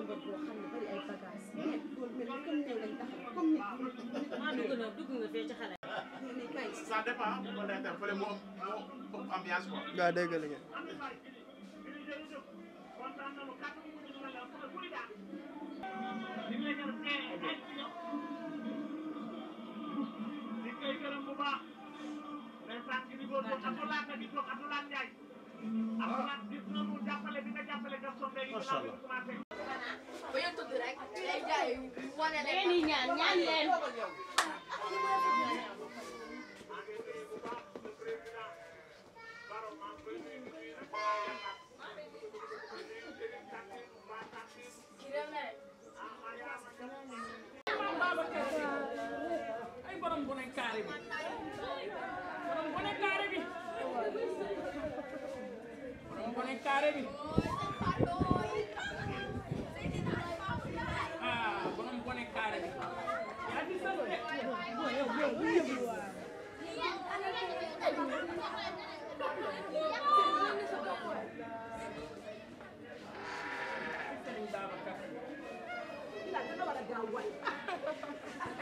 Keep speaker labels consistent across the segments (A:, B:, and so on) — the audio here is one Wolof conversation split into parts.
A: nga boo xam ne bari ay bagages.
B: nekk doon mel ni comme
A: ne ngay taxaw comme nit maa dugg na dugg nga fee ci xale. ça dépend mu nekk fële mu ëpp ambiance quoi. waaw dégg nga
C: macha allah ba ñu tudd rek day jaay wane rek ñaan ñaan leen
A: Sëriñ
B: Babacar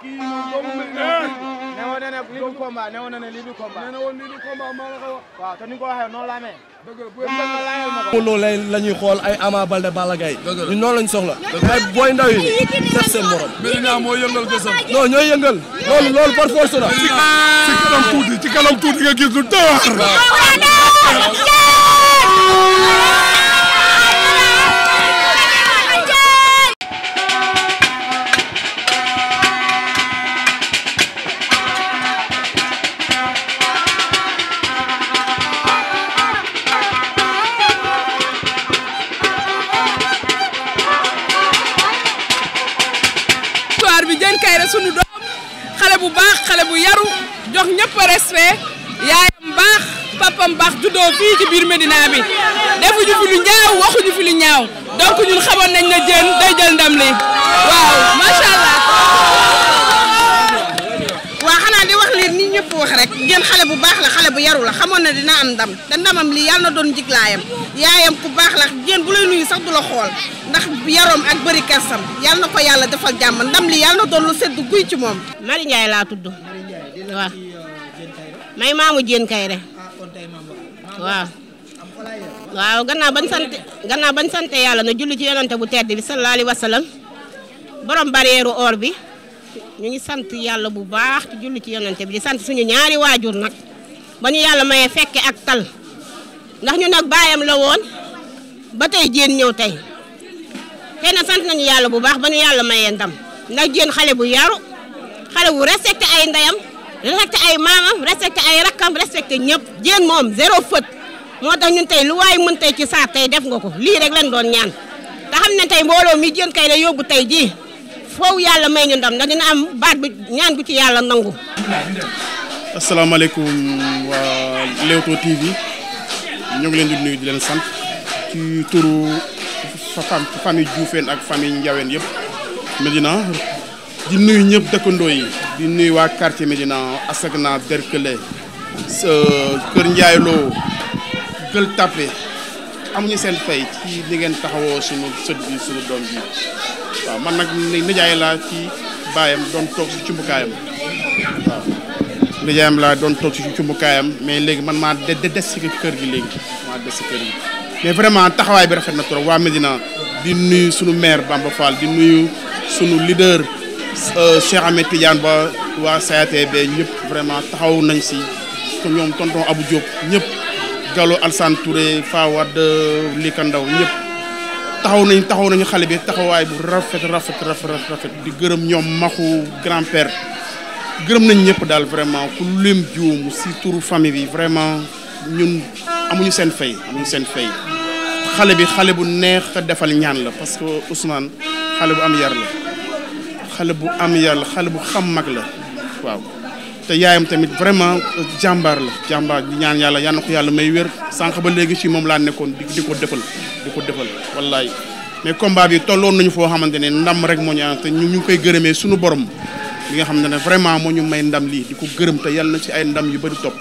A: kii moom doomu mbir la loolu la xool ay Ama Balde Balla Gaye. ñun noonu lañ soxla. ay booy ndaw yi def seen ñooy yëngal. loolu loolu par force la. ci kanam tuuti ci kanam tuuti nga gis lu tëwaar.
B: respect yaayam baax papam baax juddoo fii ci biir Médina bi defuñu fi lu ñaaw waxuñu fi lu ñaaw donc ñun xamoon nañ ne Diène day jël ndam li waaw macha allah. waaw xanaa di wax leen ni ñëpp wax rek Diène xale bu baax la xale bu yaru la xamoon na dina am ndam te ndamam li yàlla na doon jiglaayam yaayam ku baax la Diène bu lay nuyu sax du la xool ndax yaroom ak bëri kersam yàlla na ko yàlla defal jàmm ndam li yàlla na doon lu sedd guy ci moom. Marie laa tudd may maamu jéen kay re ah, waaw waaw gannaaw bañ sant gannaaw bañ sante yàlla na julli ci yonante bu tedd bi sallallahu alayhi wa sallam borom barrière or bi ñu ngi sant yàlla bu baax ci julli ci yonante bi di sant suñu ñaari waajur nag ba ñu yàlla mayee fekke ak tal ndax ñu nag baayam la woon ba tey jéen ñëw tey xëy na sant nañu yàlla bu baax ba ñu yàlla mayee ndam ndax jéen xale bu yaru xale bu respecté ay ndeyam respecté ay maamam respecté ay rakkam respecté ñëpp jéen moom zéro faute moo tax ñun tey lu waay mën tey ci saar tey def nga ko lii rek lañ doon ñaan te xam ne tey mbooloo mi jéen kay la yóbbu tey jii foofu yàlla may ñu ndam ndax dina am baat bu ñaan gu ci yàlla nangu.
A: asalaamaaleykum waa Leewtoo TV ñoo ngi leen di nuyu di leen sant ci turu famille Dioufène ak famille Ndiawène yëpp Medina. di nuyu ñëpp dëkkandoo yi di nuyu waa quartier Médina Asakna Derklé Kër Ndiaye Lo Gueule Tapée amuñu seen fay ci li ngeen taxawoo suñu sët bi suñu doom bi waaw man nag nijaay laa ci baayam doon toog si cumbukaayam waaw nijaayam laa doon toog si cumbukaayam mais léegi man maa de des si kër gi léegi maa des si kër gi mais vraiment taxawaay bi rafet na trop waa Médina di nuyu suñu maire Bamba Fall di nuyu sunu lider Euh, Cheikh Ahmed Tidiane ba waa CATB ñëpp vraiment taxaw nañ si ñoom tonton Abou Diop ñëpp Gallo Alsane Touré Fawad Likandaw ñëpp taxaw nañ taxaw nañu xale bi taxawaay bu rafet rafet rafet rafet di gërëm ñoom maxu grand père gërëm nañ ñëpp daal vraiment ku lim juum si turu famille yi vraiment ñun amuñu seen fay amuñu seen fay xale bi xale bu neex defal ñaan la parce que Ousmane xale bu am yar la xale bu am yàlla xale bu xam mag la waaw te yaayam tamit vraiment jàmbaar la jàmbaar di ñaan yàlla yal na ko yàlla may wér sànq ba léegi ci moom laa nekkoon di di ko defal di ko defal wallaay mais combat bi tolloon nañu foo xamante ne ndam rek moo ñu te ñu ñu koy gërëmee suñu borom li nga xam ne ne vraiment moo ñu may ndam lii di ko gërëm te yàlla na ci ay ndam yi ba di topp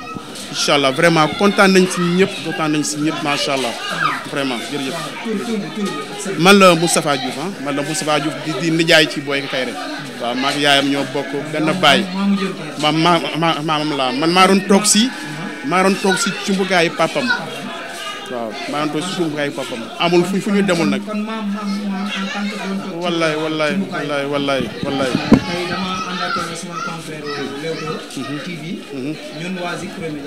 A: incha allah vraiment kontaan nañ si ñëpp kontaan nañ si ñëpp macha allah vraiment jërëjëf. man la Moustapha Diouf ah man la Moustapha Diouf di di nijaay ci Boy Kairé waaw maak yaayam ñoo bokk benn baay ma ma ma laa man maa doon toog si maaroon toog si cumbukaayu papam waaw maa doon toog si cumbukaayu papam amul fu fu ñu demul nag wallaay wallaay wallaay wallaay wallaay sama confrère Leewtoo TV. Mhm. ñun nga mhm.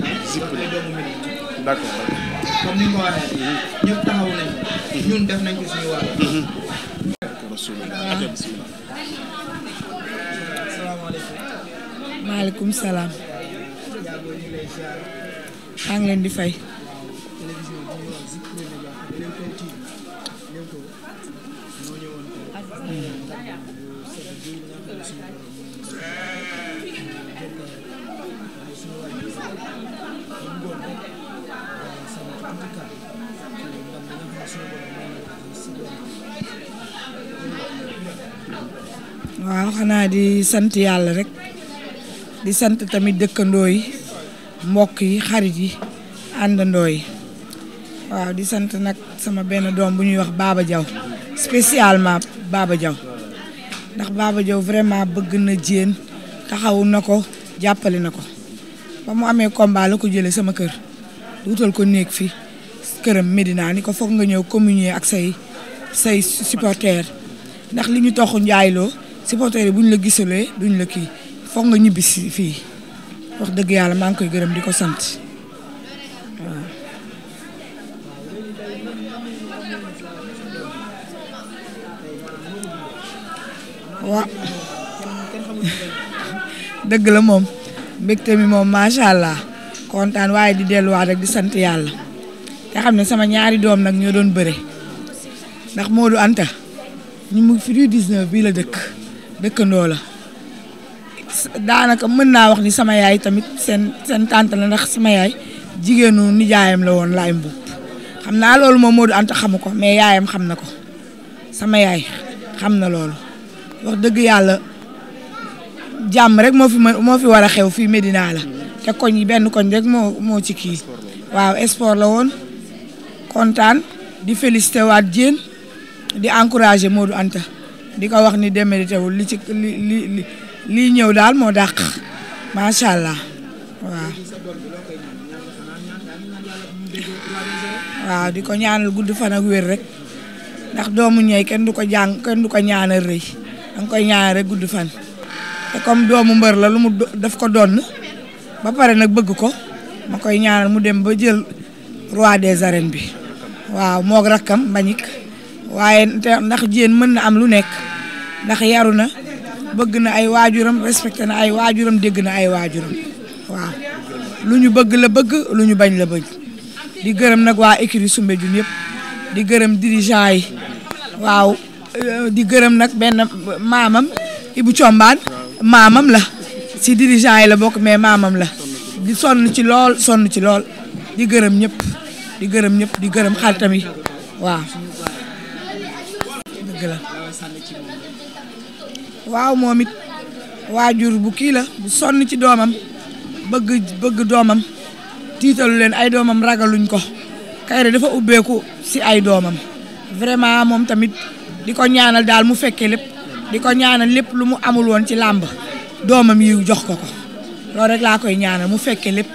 A: mhm. def nañ ko suñu wàll.
C: salaamaaleykum. maaleykum salaam. leen di fay. waaw xanaa di sant yàlla rek di sant tamit dëkkandoo yi mbokk yi xarit yi àndandoo yi waaw di sant nag sama benn doom bu ñuy wax baaba Diaw spécialement baaba Diaw ndax Baba Diaw vraiment bëgg na Diène taxawu na ko jàppale na ko ba mu amee combat la ko jëlee sama kër wutal ko néeg fi këram Medina ni ko foog nga ñëw communier ak say say supporters ndax li ñu toxu njaayloo supporters yi buñ la gisalee duñ la kii foog nga ñibbisi fii wax dëgg yàlla maa ngi koy gërëm di ko sant. waaw dëgg la moom mbégte mi moom macha allah kontaan waaye di delluwaat rek di sant yàlla te xam na sama ñaari doom nag ñoo doon bëre ndax Modou Anta ñu mu fi rue bii la dëkk dëkkandoo la daanaka mën naa wax ni sama yaay tamit seen seen tante la ndax sama yaay jigéenu nijaayam la woon laay mbubb xam naa loolu moom Modou Anta xamu ko mais yaayam xam na ko sama yaay xam na loolu wax dëgg yàlla jàmm rek moo fi moo fi war a xew fii Medina la te koñ yi benn koñ rek moo moo ci kii waaw sport la woon kontaan di félicité waat Diène di encouragé Modou Anta di ko wax ni démérité wul li ci li ñëw daal moo dàq macha allah waaw. di ko ñaanal gudd fan ak wér rek ndax doomu ñooy kenn du ko jàng kenn du ko ñaanal rëy. danga koy ñaan gudd fan te comme doomu mbër la lu mu daf ko doon ba pare nag bëgg ko ma koy ñaanal mu dem ba jël roi des arènes bi waaw moog rakkam Mbagnick waaye ndax jéen mën na am lu nekk ndax yaru na bëgg na ay waajuram respecté na ay waajuram dégg na ay waajuram waaw lu ñu bëgg la bëgg lu ñu bañ la bëgg di gërëm nag waa écurie Soumbédioune yëpp di gërëm dirigeant yi waaw Euh, di gërëm nag benn maamam Ibou Combaan maamam la si dirigeant yi la bokk mais maamam la di sonn ci lool sonn ci lool di gërëm ñëpp di gërëm ñëpp di gërëm xaritam yi waaw dëgg moom it waajur bu kii la bu sonn ci doomam bëgg doomam tiitalu leen ay doomam ragaluñ ko Kairé dafa ubbeeku ci ay doomam vraiment moom tamit di ko ñaanal daal mu fekkee lépp di ko ñaanal lépp lu mu amul woon ci làmb doomam yiw jox ko ko loolu rek laa koy ñaanal mu fekkee lépp